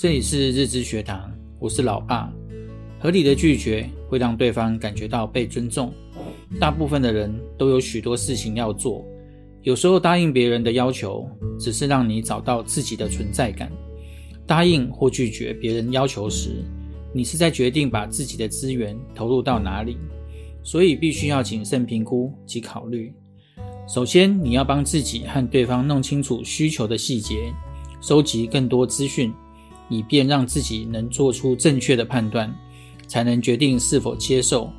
這裡是日知學堂，我是老爸。合理的拒絕會讓對方感覺到被尊重。大部分的人都有許多事情要做，有時候答應別人的要求，只是讓你找到自己的存在感。答應或拒絕別人要求時，你是在決定把自己的資源投入到哪裡，所以必須要謹慎評估及考慮。首先，你要幫自己和對方弄清楚需求的細節，收集更多資訊。以便讓自己能做出正確的判斷，才能決定是否接受，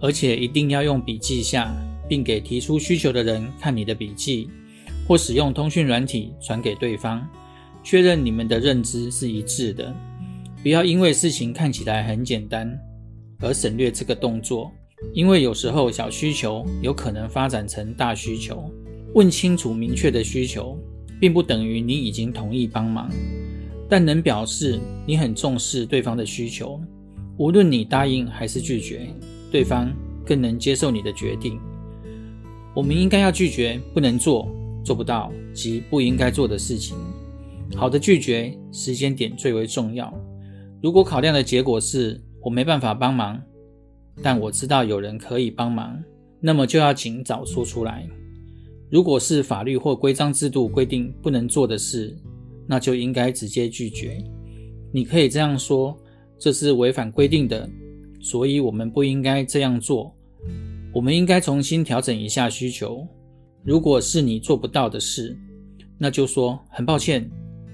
而且一定要用筆記下，並給提出需求的人看你的筆記，或使用通訊軟體傳給對方，確認你們的認知是一致的。不要因為事情看起來很簡單而省略這個動作，因為有時候小需求有可能發展成大需求。問清楚明確的需求，並不等於你已經同意幫忙。但能表示你很重視對方的需求，無論你答應還是拒絕，對方更能接受你的決定。我們應該要拒絕不能做、做不到及不應該做的事情。好的拒絕，時間點最為重要。如果考量的結果是我沒辦法幫忙，但我知道有人可以幫忙，那麼就要儘早說出來。如果是法律或規章制度規定不能做的事，那就應該直接拒絕。你可以這樣說：“這是違反規定的，所以我們不應該這樣做。我們應該重新調整一下需求。如果是你做不到的事，那就說很抱歉，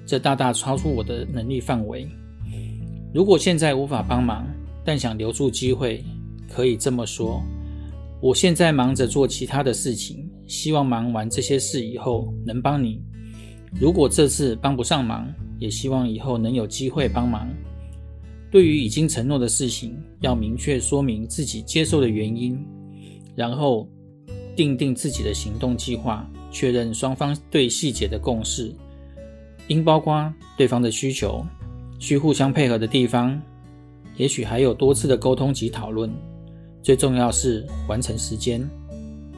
這大大超出我的能力範圍。如果現在無法幫忙，但想留住機會，可以這麼說：我現在忙着做其他的事情，希望忙完這些事以後能幫你。”如果這次幫不上忙，也希望以後能有機會幫忙。對於已經承諾的事情，要明確說明自己接受的原因，然後訂定自己的行動計劃，確認雙方對細節的共識。應包括對方的需求，需互相配合的地方，也許還有多次的溝通及討論。最重要是完成時間。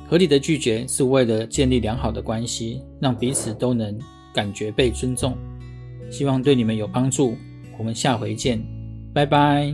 合理的拒絕是為了建立良好的關係，讓彼此都能感覺被尊重，希望對你們有幫助。我們下回見，拜拜。